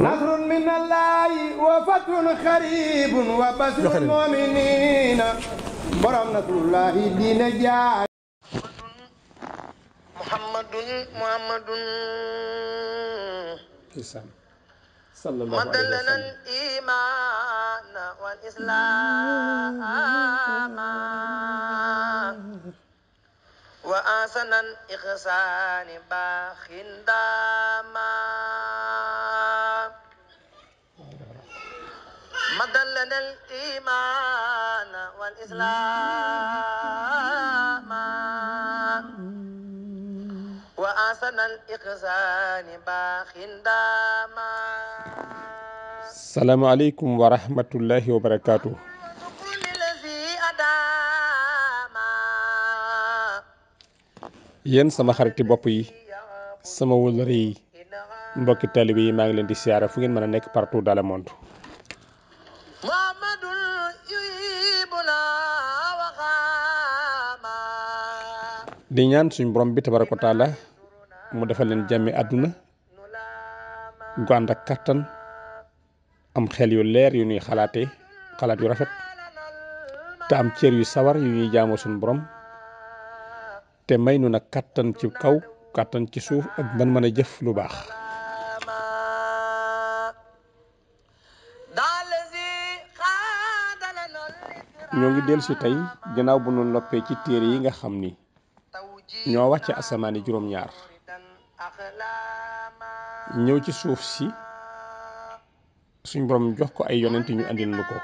نصر من الله وفتح خريب وبشر المؤمنين برم نصر الله دين جاي محمد محمد صلى الله عليه وسلم لنا الإيمان والإسلام وآسن الإحسان داما مدى لنا الإيمان والإسلام وأحسن الإخزان باخ داما السلام عليكم ورحمة الله وبركاته yéen sama xariti bopp yi sama wëllëre yi mbokki taalibe yi maa ngi leen di siyaara fu ngeen mën a nekk partout dans monde di ñaan suñu borom bi tabaraku taala mu defal leen jami aduna gu and ak kattan am xel yu leer yu ñuy xalaatee xalaat yu rafet te am cër yu sawar yu ñuy jaamoo suñu borom te may nu nag kattan ci kaw kattan ci suuf ak ban mën a jëf lu baax ñoo ngi del si tey ginnaaw bu nu noppee ci téere yi nga xam ni ñoo wacc asamaani juróom-ñaar ñëw ci suuf si suñ borom jox ko ay yonent ñu andil lu ko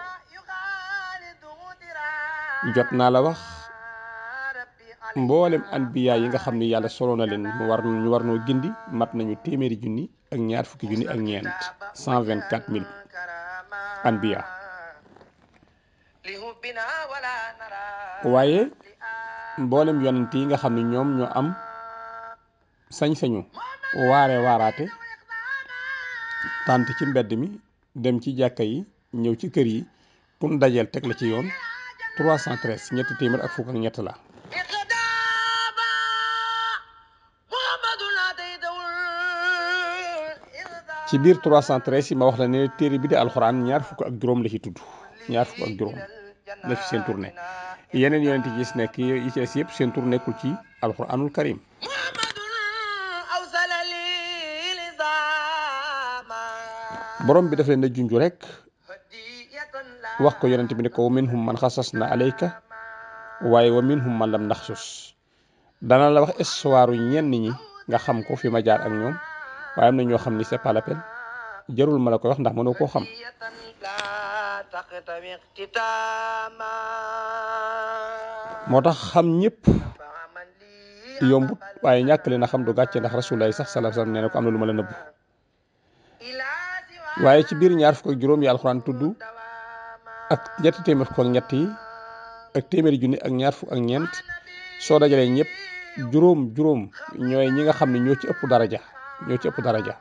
jot naa la wax mboolem anbiya yi nga xam solo na leen mu war ñu war noo gindi mat nañu téeméeri junni ak ñaar fukki junni ak ñeent cent vingt quatre mille anbiya waaye mboolem yonent yi nga xam ne ñoom ñoo am sañ-sañu waare waaraate tànt ci mbedd mi dem ci jàkka yi ñëw ci kër yi pour dajeel teg la ci yoon 313 ñetti téeméer ak fukk ak ñett la ci biir 313 yi ma wax la ne téere bi di alxuraan ñaar fukk ak juróom la ci tudd ñaar fukk ak juróom la fi seen tournée yeneen yonent yi si nekk yi ci yëpp seen tur nekkul ci alquranul karim borom bi def leen a junj rek wax ko yonent bi ne ko wa minhum man xasas na alayka waaye wa minhum man lam naxsus dana la wax histoire yu ñenn ñi nga xam ko fi ma jaar ak ñoom waaye am na ñoo xam ni c'est pas jarul ma la ko wax ndax mënoo koo xam motax xam ñëpp yomb waye ñak leen a xam du gàcce ndax rasulaay sax sallallahu salaam wasallam neena ko am na luma la neub waye ci biir ñaar fuk ak juróom yi alxuraan tudd ak ñetti témer ko ak ñett yi ak témer junni ak ñaar fuk ak ñent so dajalee ñëpp juroom juroom ñoy ñi nga xam ni ñoo ci ëpp daraja ñoo ci ëpp daraja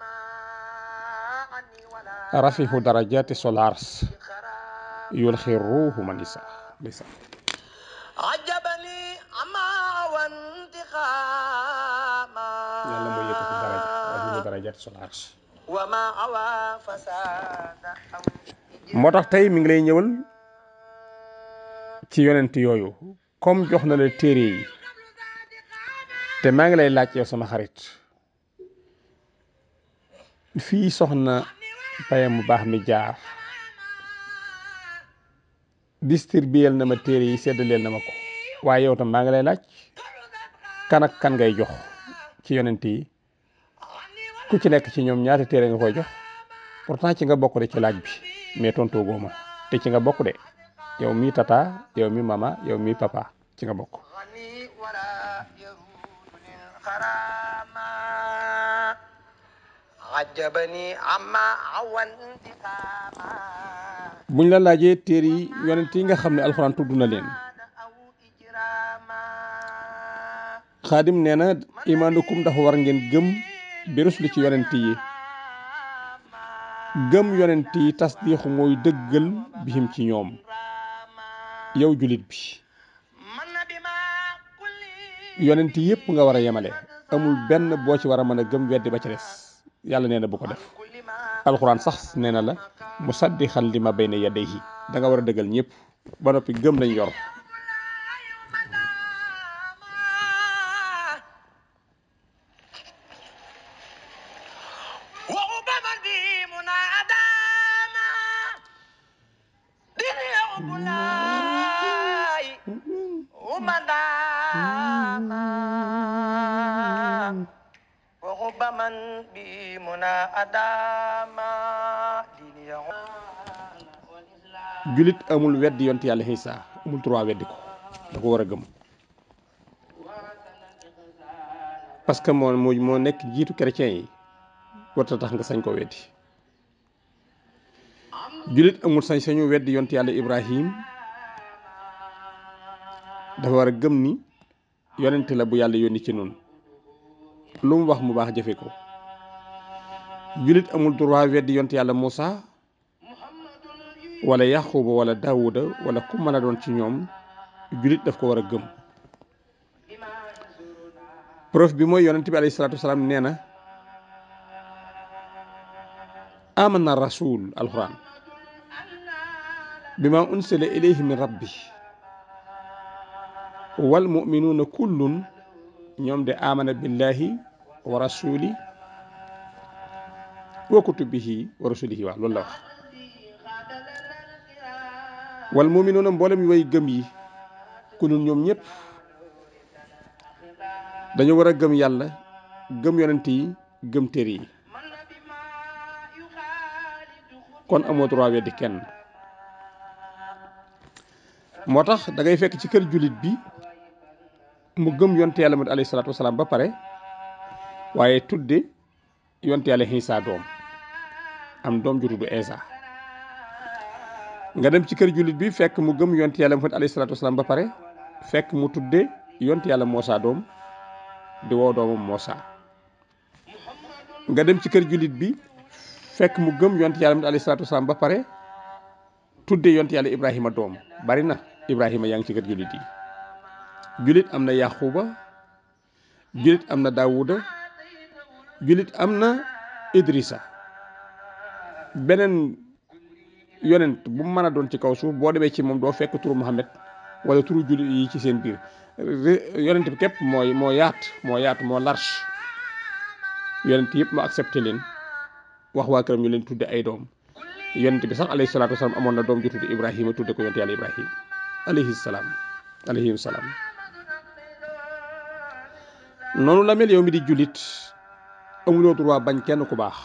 rafihu darajati solars يلخروه من يسعى ليسعى أما وانتقاما يلا مو يكف درجة أدنى درجات سول وما أوى فساد motax tay mi ngi lay ñëwal ci yonent yooyu comme jox na la téere yi ngi lay yow sama xarit soxna distribuer na ma téere yi seddaleel na ma ko waaye yow tam maa ngi lay laaj kan ak kan ngay jox ci yonent yi ku ci nekk ci ñoom ñaata téere nga koy jox pourtant ci nga bokk de ci laaj bi mais tontoo goo ma ci nga bokk de yow mi tata yow mi mama yow mi papa ci nga bokk عجبني عما عوى انتقاما buñ la laajee téere yi yonent yi nga xam ne alxuraan tudd na leen xaadim nee na imaanukum dafa war ngeen gëm bi rusli ci yonent yi gëm yonent yi tasdiixu mooy dëggal bihim ci ñoom yow julit bi yonent yépp nga war a yemale amul benn boo ci war a mën a gëm weddi ba ca des yàlla nee na bu ko def alxuraan sax nee na la musaddiqan li ma bayna yadayhi da nga war a dëggal ñëpp ba noppi gëm lañ yor julit amul weddi yonti yàlla Iisaa amul droit weddi ko da war a gëm que moo moo moo nekk jiitu chrétien yi warta tax nga sañ ko weddi julit amul sañ-sañu weddi yonti yàlla Ibrahim dafa war a gëm ni yonente la bu yàlla yónni ci noonu lu mu wax mu baax jëfe ko julit amul droit weddi yonti yàlla Muusa ولا يعقوب ولا داوود ولا كوما لا دون سي نيوم جوليت داف كو ورا گم بروف بي موي يونس تبي عليه الصلاه والسلام نينا امن الرسول القران بما انزل اليه من ربي والمؤمنون كل نيوم دي امن بالله ورسوله وكتبه ورسله واخ لول wal mboole mboolem way gëm yi kulun ñoom ñëpp dañu war a gëm yàlla gëm yonent yi gëm téere yi kon amoo droit weddi kenn moo tax da ngay fekk ci kër jullit bi mu gëm yonte yàlla mat alayhi salaatu wasalaam ba pare waaye tudde yonte yàlla Iisaa doom am doom ju tudd Iisaa nga dem ci kër jullit bi fekk mu gëm yonti yàlla Muhammad alayhi salaatu wasalaam ba pare fekk mu tudde yonti yàlla Moosa doom di woo doomam Moosa nga dem ci kër jullit bi fekk mu gëm yonti yàlla Muhammad alayhi ba pare tudde yonti yàlla Ibrahima doom bari na Ibrahima yaa ngi ci kër jullit yi jullit am na Yaxuba jullit am na Daawuda jullit am na Idrissa beneen yonent bu mu mën a doon ci kaw suuf boo demee ci moom doo fekk turu Muhammad wala turu jullit yi ci seen biir yonent bi képp mooy moo yaat moo yaat moo large yonent yëpp mu accepté leen wax waa këram ñu leen tudde ay doom yonent bi sax alayhi salaatu wa salaam amoon na doom ju tudde Ibrahima tudde ko yonent yàlla Ibrahima alayhi salaam alayhi noonu la mel yow mi di jullit amuloo droit bañ kenn ku baax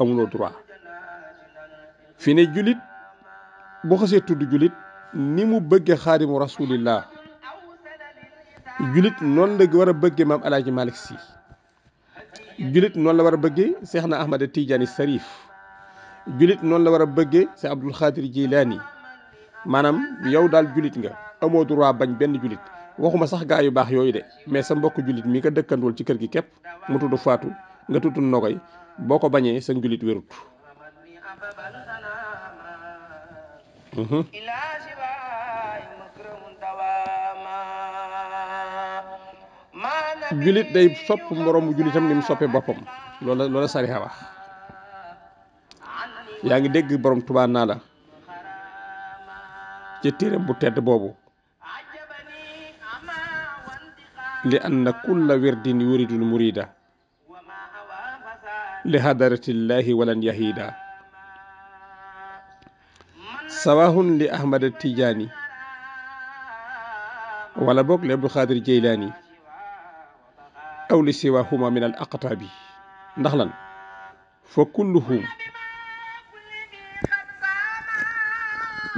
amuloo droit. fi ne julit bo xasee tuddu julit ni mu bëgge xaadimu rasulillah julit non la wara a mam maam malik si julit non la wara a cheikhna ahmed na sharif julit non la wara a bëgge abdul khadir Jilani. Manam yow dal julit nga amo droit bañ ben julit waxuma sax gaay yu bax yoy de mais sa mbokk julit mi ka dekkandul ci kër gi kep mu tuddu fatou nga tuddu nogay boko sa julit wërut إلى سواي مكره دواما julit mu soppee boppam loola loola sariya wax yaa ngi dégg borom Tuubaa naa la ci téeram bu tedd boobu li anna kulla wirdin yuridul murida li hadaratillahi walan yahida sawahun li ahmad tijaani wala boog li abdu xaadir jeylaani aw li siwahuma min al ndax lan fa kulluhum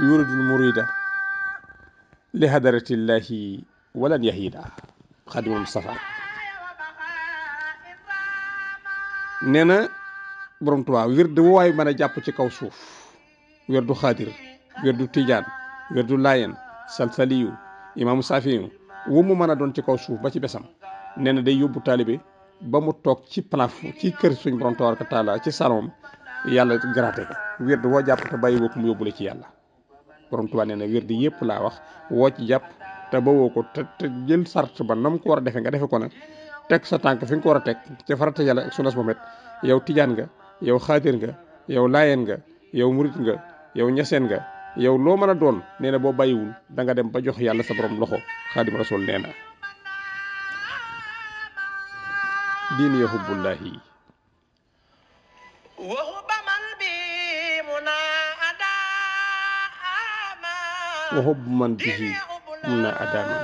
yuridul murida li hadaratillahi walan yahida xadimul mustafa nee na borom Tuubaa wird bu mën a jàpp ci kaw suuf du werdu du werdu tijaan werdu laayen salsaliyu imaamu saafiyu wu mu mën a doon ci kaw suuf ba ci besam nee na day yóbbu taalibe ba mu toog ci plafond ci kër suñ borom tabaraka taala ci salon yàlla garaate ko wird woo jàpp te bàyyi woo ko mu yóbbule ci yàlla borom Tuubaa nee na wird yëpp laa wax woo ci jàpp te ba woo ko te jël sart ba na mu ko war a defee nga defe ko nag teg sa tànk fi nga ko war a teg ci farata yàlla ak sunas Muhammad yow tijaan nga yow xaatir nga yow laayeen nga yow murit nga yow ñaseen nga yow lo meuna doon neena bo bayiwul da nga dem ba jox yalla sa borom loxo khadim rasul neena din wa bi munada ama wa وحب man به munada ama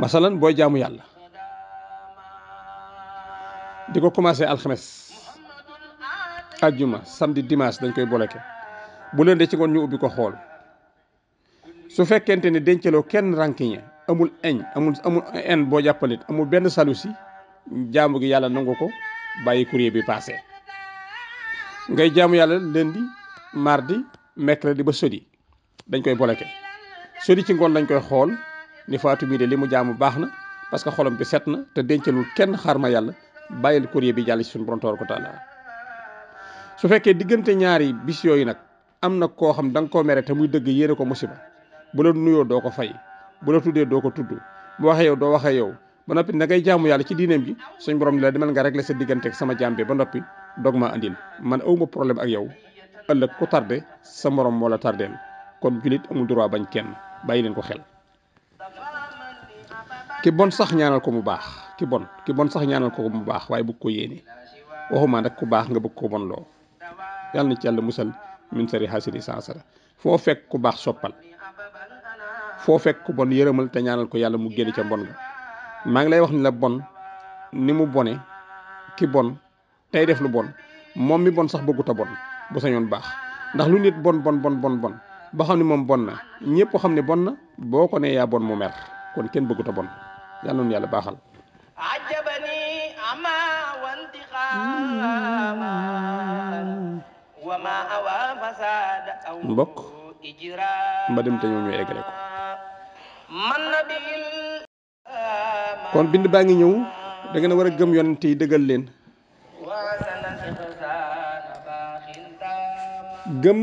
masalan boy jaamu yàlla di ko commencé alxames ajjuma samedi dimanche dañ koy boleke bu len de ci ngoon ñu ubbi ko xol su fekkente ne denceloo kenn rankiné amul eñ amul amul en bo jappalit amul ben salusi jaamu gi yalla nangu ko courrier bi passé ngay jaamu yalla lundi mardi mercredi ba sodi dañ koy boleke sodi ci ngone lañ koy xol ni Fatou mii de li mu jaamu baax na parce que xolam bi set na te dencalul kenn xaar ma yàlla bàyyil courrier bi jàll ci suñu borom ko taala su fekkee diggante ñaari bis yooyu nag am na koo xam da nga koo mere te muy dëgg yéene ko musiba bu la nuyoo doo ko fay bu la tuddee doo ko tudd bu waxee yow doo waxee yow ba noppi da ngay jaamu yàlla ci diineem gi suñ borom la demal nga régler sa diggante ak sama jaam bi ba noppi dog maa andil man awuma problème ak yow ëllëg ku tardé sa morom moo la tardeel kon amul droit bañ kenn bàyyi leen ko xel ki bon sax ñaanal ko mu baax ki bon ki bon sax ñaanal ko mu baax waaye bëgg ko yéene waxuma nag ku baax nga bëgg ko bon loo yàlla na ci yàlla musal min sari hasidi sansara foo fekk ku baax soppal foo fekk ku bon yërëmal te ñaanal ko yàlla mu génn ca mbon ga maa ngi lay wax ni la bon ni mu bone ki bon tey def lu bon moom mi bon sax bëggut a bon bu sañoon baax ndax lu nit bon bon bon bon bon ba xam ne moom bon na ñëpp xam ne bon na boo ko nee yaa bon mu kon kenn bëggut a yàlla na nu yàlla baaxal ajabani mbokk mba dem te ñoo ñooy eggale ko kon bind baa ngi ñëw da ngeen a war a gëm yonent yi dëggal leen gëm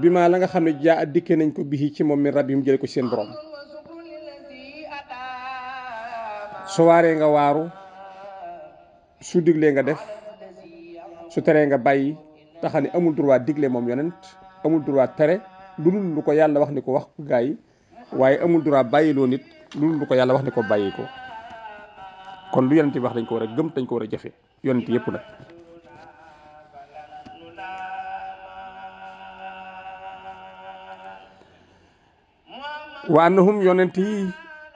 bi maa la nga xam ne jaa dikke nañ ko bii ci moom mi rab yi mu jële ko seen borom su nga waaru su diglee nga def su teree nga bayyi taxani amul droit digle mom yonent amul droit tere lu lu ko yalla wax ni ko wax ko gaa waye amul droit lo nit lu ko yalla wax ni ko bayyi ko kon lu yonent wax dañ ko wara a gëm dañ ko wara jafé yonent yépp wa annahum yonent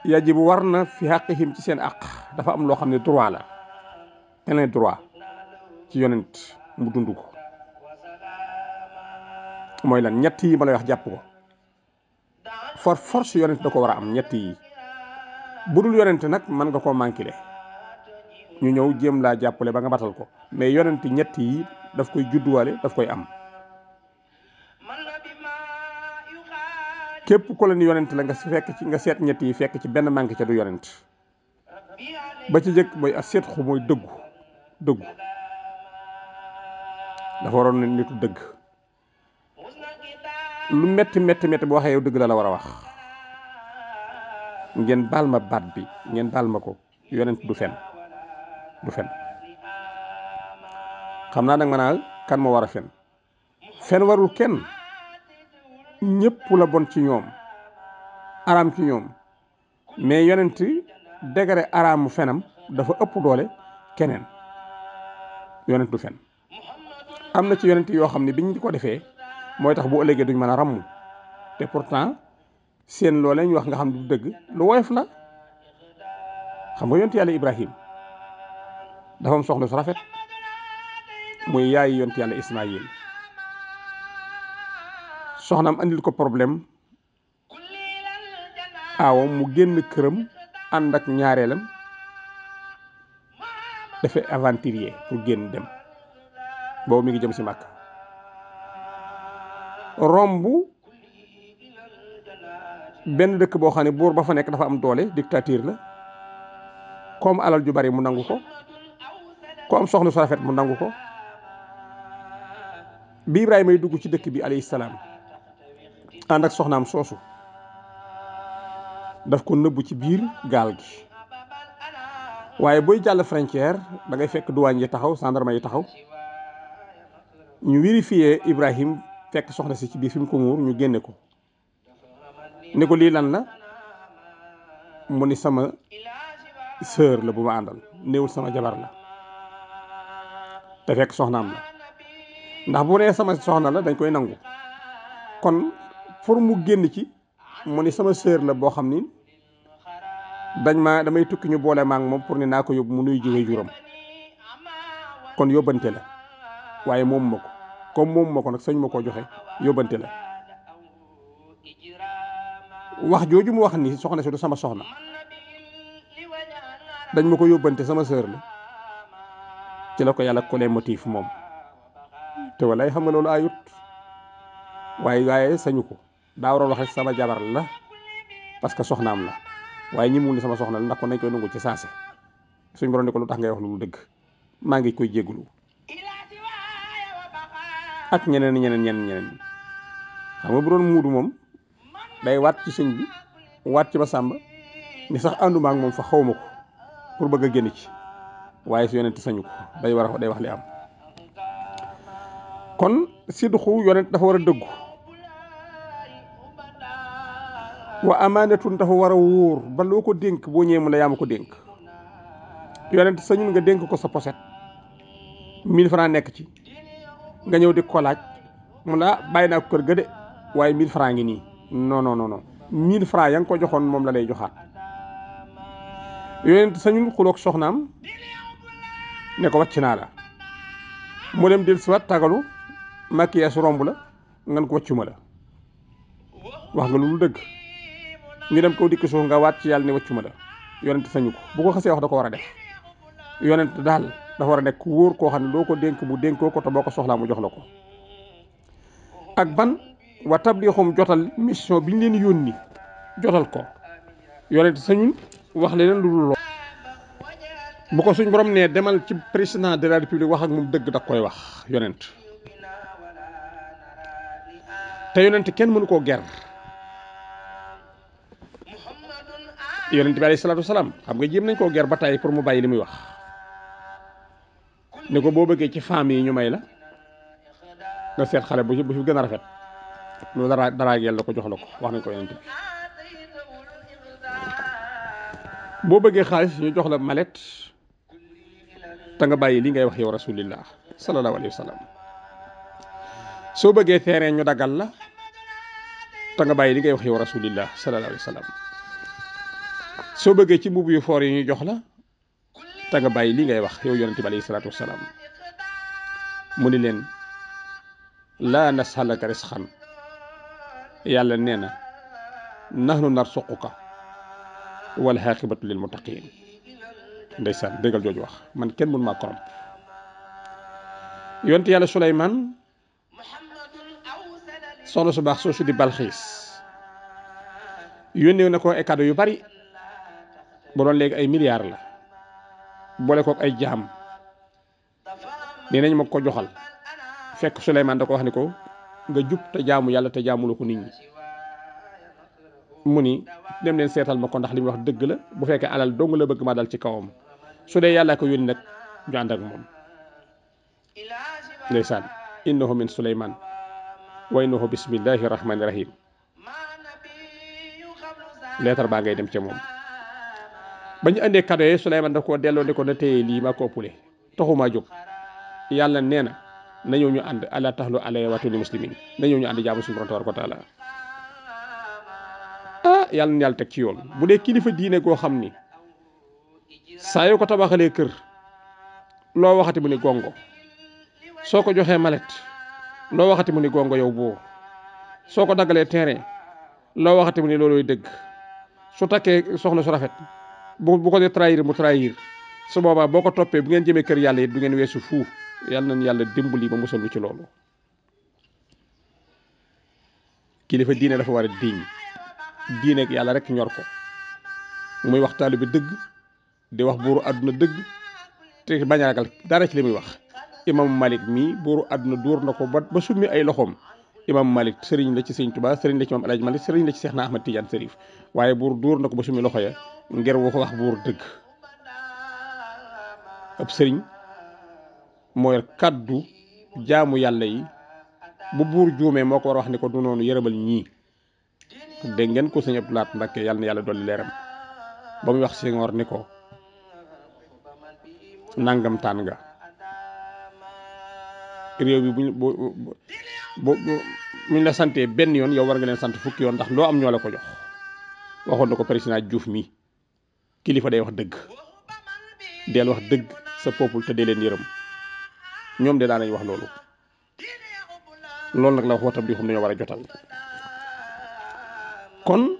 yajibu war na fi xaqihim ci seen àq dafa am loo xam ne droit la plein droit ci yonent mu dund ko mooy lan ñett yi ma lay wax jàpp ko for force yonent da ko war a am ñetti yi bu dul yonent nag mën nga koo manqué ñu ñëw jéem laa jàppale ba nga batal ko mais yonent ñett yi daf koy judduwaale daf koy am képp ku la ni yonent la nga fekk ci nga seet ñett yi fekk ci benn manqué ca du yonent ba ci jëkk mooy ak seet xu mooy dëggu dëggu dafa waroon ne nitu dëgg lu metti metti metti boo waxee dëgg la la war a wax ngeen baal ma baat bi ngeen baal ma ko yonent du fen du fen xam naa nag ma naa kan moo war a fen fen warul kenn ñëpp la bon ci ñoom araam ci ñoom mais yonent degare araamu fenam dafa ëpp doole keneen yonent du fen am na ci yonent yoo xam ne biñ ko defee mooy tax bu ëllëgee duñ mën a ràmm te pourtant seen loolee ñu wax nga xam ne du dëgg lu woyof la xam nga yonent yàlla Ibrahim dafa am soxna su rafet muy yaay yonent yàlla Ismaayil soxnaam andil ko problème aw mu genn kërëm and ak ñaarelam dafa aventurier pour genn dem bo mi ngi jëm ci makka rombu benn dëkk boo xam ne buur ba fa nekk dafa am doole dictature la comme alal ju bari mu nangu ko ku am soxna su rafet mu nangu ko bi Ibrahima dugg ci dëkk bi alayhi salaam ànd ak soxnam sosu daf ko neub ci bir gal gi waye boy jall frontière da ngay fekk douane yi taxaw gendarme yi taxaw ñu vérifier Ibrahim fekk soxna ci biir fim ko mur ñu genné ko ne ko li lan la mu ni sama sœur la bu ma àndal sama jabar la da fekk soxnam la ndax bu re sama soxna la dañ koy nangu kon pour mu génn ci mu ni sama sœur la boo xam ni dañ ma damay tukki ñu boole ma ak moom pour ne naa ko yóbbu mu nuy jiwee juróom kon yóbbante la waaye moom ma ko comme moom ma ko nag sañ ma koo joxe yóbbante la wax jooju mu wax ni soxna si du sama soxna dañ ma ko yóbbante sama sœur la ci la ko yàlla kolee motif moom te walaay xam nga loolu waaye waaye sañu ko daa waroon wax sama jabar la parce que soxnaam la waaye ñi mu ni sama soxna la ndax ko nañ koy nangu ci saase suñ borom ne ko lu tax ngay wax lu dëgg maa ngi koy jégalu ak ñeneen ñeneen ñeneen ñeneen xam nga bu doon muudu moom day waat ci sëñ bi waat ci ma sàmba ni sax ànduma ak moom fa xaw ma ko pour bëgg a génn ci waaye su yonent sañu ko bay war a day wax li am kon si sidxu yonent dafa war a dëggu waa wa amaanatun dafa war a wóor ba loo ko dénk boo ñëwee mu ne yaa ko dénk yonent sañul nga dénk ko sa poset mille francs nekk ci nga ñëw dégg ko laaj mu ne ah bàyyi naa ko kër ga de waaye mille francs ngi nii non non non non mille francs ko joxoon moom la lay joxaat yonent sañul xuloog soxnaam ne ko wàcc naa la mu dem del siwaat tagalu maquillage romb la ngan ko wàccuma la wax nga lu loolu dëgg ñu dem kaw dikk suuf nga waat ci yàlla ne wàccuma la yonent sañu ko bu ko xasee wax da ko war a def yonent daal dafa war a nekk wóor koo xam ne loo ko dénk mu dénkoo ko te boo ko soxlaa mu jox la ko ak ban wa tablixum jotal mission bi ñu leen yónni jotal ko yonent sañun wax leneen lu dul bu ko suñ borom nee demal ci président de la république wax ak moom dëgg da koy wax yonent te yonent kenn mënu koo ger yonent bi alayhi salaatu salaam xam nga jéem nañ koo geer ba tey pour mu bàyyi li muy wax ni ko boo bëggee ci femme yi ñu may la nga seet xale bu ci bu fi gën a rafet loolu dara dara gel la ko jox la ko wax nañ ko yonent bi boo bëggee xaalis ñu jox la malet te nga bàyyi li ngay wax yow rasulillah sallallahu alayhi wa sallam soo bëggee terrain ñu daggal la te nga bàyyi li ngay wax yow rasulillah sallallahu alayhi wa sallam soo bëggee ci mbubb yu foor yi ñu jox la te nga bàyyi li ngay wax yow yonente bi alayhi salatu wasalaam mu ni leen la nasalaka risqan yàlla nee na nahnu narsuquka wal xaaqibatu lil muttaqin ndeysaan déggal jooju wax man kenn mun maa korom yonte yàlla suleymaan soxna su baax soosu di balxiis yónnee na ko ay cadeau yu bari bu doon léegi ay milliards la boole kook ay jaam nee nañ ma ko joxal fekk Souleymane da ko wax ni ko nga jub te jaamu yàlla te jaamuloo ko nit ñi mu ni dem leen seetal ma ko ndax li wax dëgg la bu fekkee alal dong la bëgg maa dal ci kawam su dee yàllaa ko yónni nag ñu ànd ak moom ndeysaan innahu min Souleymane wa innahu bismillahi rahmani rahim leetar baa ngay dem ca moom ba ñu andee cadeau yi Souleymane delloo ne ko na téye lii maa ko ëppule taxumaa jóg yàlla nee na nañoo ñu ànd ala taxlu alaya watul muslimin nañoo ñu ànd jaamu suñu borom tabaraka wa taala ah yàlla na yàlla teg ci yoon bu dee kilifa diine goo xam ni saa yoo ko tabaxalee kër loo waxati mu ni gongo soo ko joxee malet loo waxati mu ni gongo yow boo soo ko daggalee terrain loo waxati mu ni looloy dëgg su takkee soxna su rafet bu bu ko dee trahir mu trahir su boobaa boo ko toppee bu ngeen jëmee kër yàlla it du ngeen weesu fuuf yàlla nañ yàlla dimbali ba musal ci loolu kilifa diine dafa war a diiñ diine yàlla rek ñor ko muy wax taalibe dëgg di wax buuru àdduna dëgg te bañ a ragal dara ci la muy wax imam malik mii buuru àdduna dóor na ko ba ba summi ay loxoom imam malik sëriñ la ci sëriñ Tuubaa sëriñ la ci imam Alaaji Malik sëriñ la ci Seex naa Ahmad Tijaan Sërif waaye buur dóor na ko ba summi loxo ya ngir wax wax buur dëgg ab sëriñ mooy kàddu jaamu yàlla yi bu buur juumee moo ko war a wax ni ko du noonu yërëmal ñii dégg ngeen ko sëñ Abdou Lahat yàlla na yàlla dolli leeram ba muy wax Senghor ni ko nangam ga nga réew bi buñ bu buñ la santee benn yoon yow war nga leen sant fukki yoon ndax doo am ñoole ko jox waxoon na ko président Diouf mi kilifa day wax deug del wax deug sa peuple te dee leen yërëm ñoom de da nañ wax lolu lolu nak la wax watam di xum ñu wara jotal kon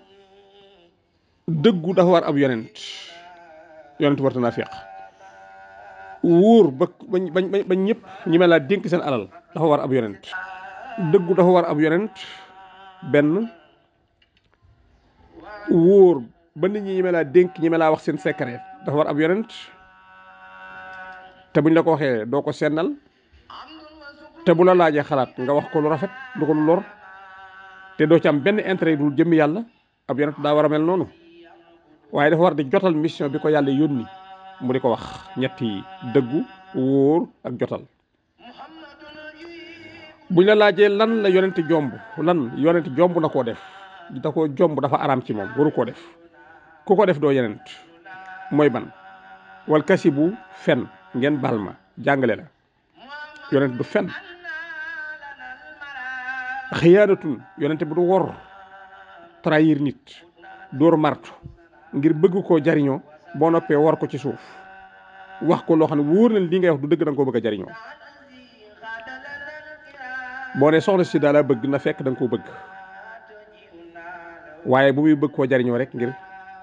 deggu dafa war ab yonent yonent warta na fiq wuur ba ba ñi mala denk alal dafa war ab yonent deggu dafa war ab yonent ben wuur ba nit ñi ñeme laa dénk ñeme laa wax seen secret dafa war ab yonent te buñ la ko waxee doo ko sennal te bu la laajee xalaat nga wax ko lu rafet du ko lu lor te doo ci am benn intérêt dul jëmm yàlla ab yonent daa war a mel noonu waaye dafa war di jotal mission bi ko yàlla yónni mu di ko wax ñetti dëggu wóor ak jotal buñ la laajee lan la yonent jomb lan yonent jombu na koo def da ko jombu dafa araam ci moom waru koo def ku ko def do yenent moy ban wal kasibu fen ngeen balma janggalela, la yonent du fen xiyaanatun yonente bu wor trahir nit dor martu ngir beug ko jariño bo noppé wor ko ci souf wax ko lo xamne ne na li ngay wax du deug dang ko beug jariño bo jariñoo ne soxna si na fekk dang ko beug waye bu muy beug ko jariño rek ngir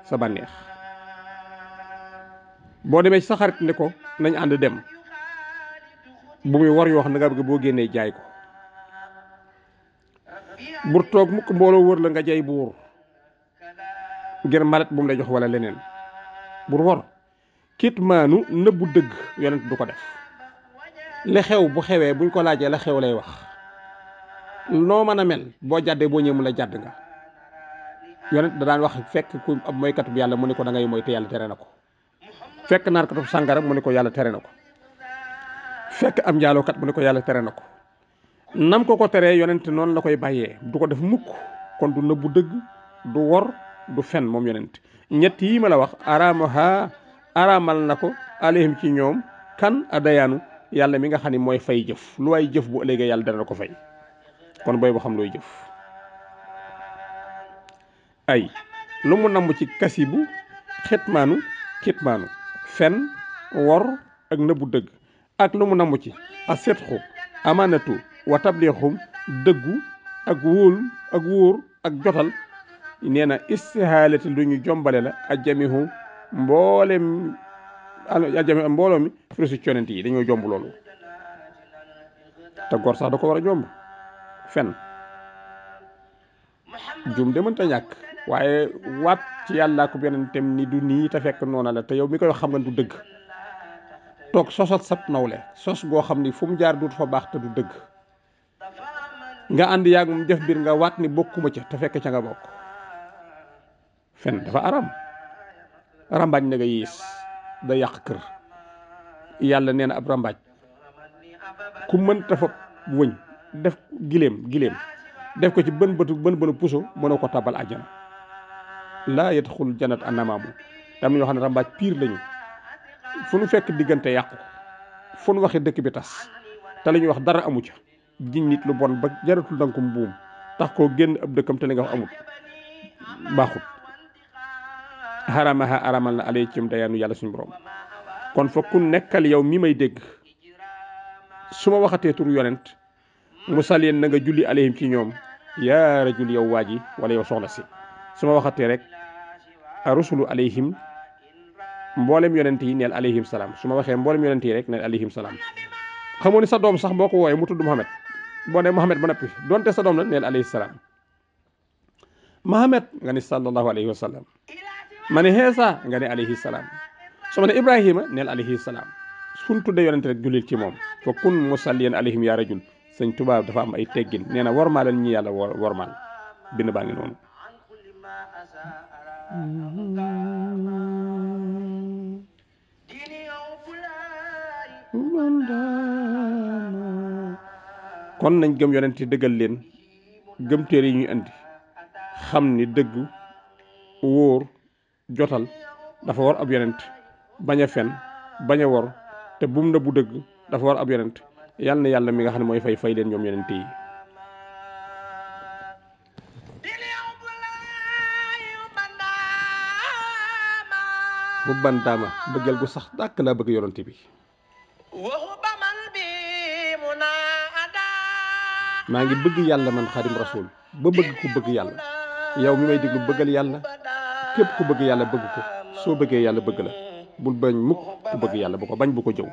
sa bànneex boo demee ci xarit ne ko nañ ànd dem bu muy war yoo xam ne bëgg boo génnee jaay ko bur toog mukk mbooloo wër la nga jay buur ngir malet bu mu lay jox wala leneen bur wor kiit maanu nëbbu dëgg yonent du ko def li xew bu xewee buñ ko laajee la xew lay wax noo mën a mel boo jàddee boo ñëwee mu la jàdd nga yonent da daan wax fekk ku ab moykatu yàlla mu ne ko da ngay te yàlla tere na ko fekk naankatu sàngara mu ne ko yàlla tere na ko am njaalookat mu ne ko yàlla tere na ko nam ko ko teree yonent noonu la koy bàyyee du ko def mukk kon du nëbbu dëgg du wor du fen moom yonent ñett yii ma la wax araamaha araamal na ko alayhim ci ñoom kan adayaanu yàlla mi nga xam ne mooy fay jëf lu waay jëf bu ëllëgee yàlla dana ko fay kon booy boo xam looy jëf ay lu mu namm ci kasibu xitmaanu xitmaanu fen wor ak nëbbu dëgg ak lu mu namm ci asetxu amaanatu wa tablixum dëggu ak wóol ak wóor ak jotal nee na istihaalati lu ñu jombale la ajamihu mboolem ajami mbooloo mi firisu conent yi dañoo jomb loolu te gor sax da ko war a jomb fen jum de mënta ñàkk waaye waat ci yàlla ko yonentam ni du nii te fekk noona la te yow mi koy xam nga du dëgg toog sosot sab nawle sos goo xam ni fu mu jaar dut fa baax te du dëgg nga ànd yaag moom jëf nga waat ni bokkuma ca te fekk ca nga bokk fen dafa aram rambaaj na nga yiis da yàq kër yàlla neena ab rambaaj ku mënta fa wëñ def gileem gileem def ko ci bën bëtu bën bënu puso mënoo ko tabal àjjana laa yadxul janat annamaamu dam ñoo xam ne rambaaj piir lañu fu nu fekk diggante yàqu fu waxe dëkk bi tas te li wax dara amu ca jiñ nit lu bon ba jaratul dankum buum tax koo génn ab dëkkam te li nga wax amut baaxut xaramaha aramal na alaykum dayaanu yàlla suñu borom kon fa ku nekkal yow mii may dégg su ma waxatee tur yonent mu saleen na julli alayhim ci ñoom yaa rajul yow waa ji wala yow soxna si su ma waxatee rek rusulu alayhim mboolem yonent yi neel alayhim salaam su ma waxee mboolem yonent yi rek neel alayhim salaam xamoo ni sa doom sax boo ko wooyee mu tudd Mohamed boo ne Mohamed ba noppi donte sa doom la neel alayhi salaam Mohamed nga ni sallallahu alayhi wa sallam ma ne Heesa nga ne alayhi salaam su ma ne Ibrahima neel alayhi salaam suñ tuddee yonent rek jullil ci moom fa kun musalliyan alayhim yaa rajul sëñ Tuubaa dafa am ay teggin nee na wormaal ñu yàlla wormaal bind baa ngi kon nañ gëm yonent yi dëggal leen gëm téere yi ñuy andi xam ni dëgg wóor jotal dafa war ab yonent bañ a fen bañ wor te bum na bu dëgg dafa war ab yonent yal na yàlla mi nga xam ne mooy fay fay leen ñoom yonent bandama beugel gu sax tak la beug yoronte bi ma ngi beug yalla man khadim rasul ba beug ku beug yalla yow mi may diglu beugal yalla kep ku beug yalla beug ko so bëggee yalla beug la bul bañ mukk ku beug yalla bu ko bañ bu ko jëw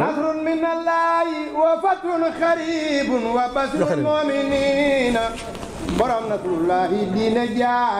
nahrun min wa fatun kharibun wa basrul muminina borom nasrullahi diina jaa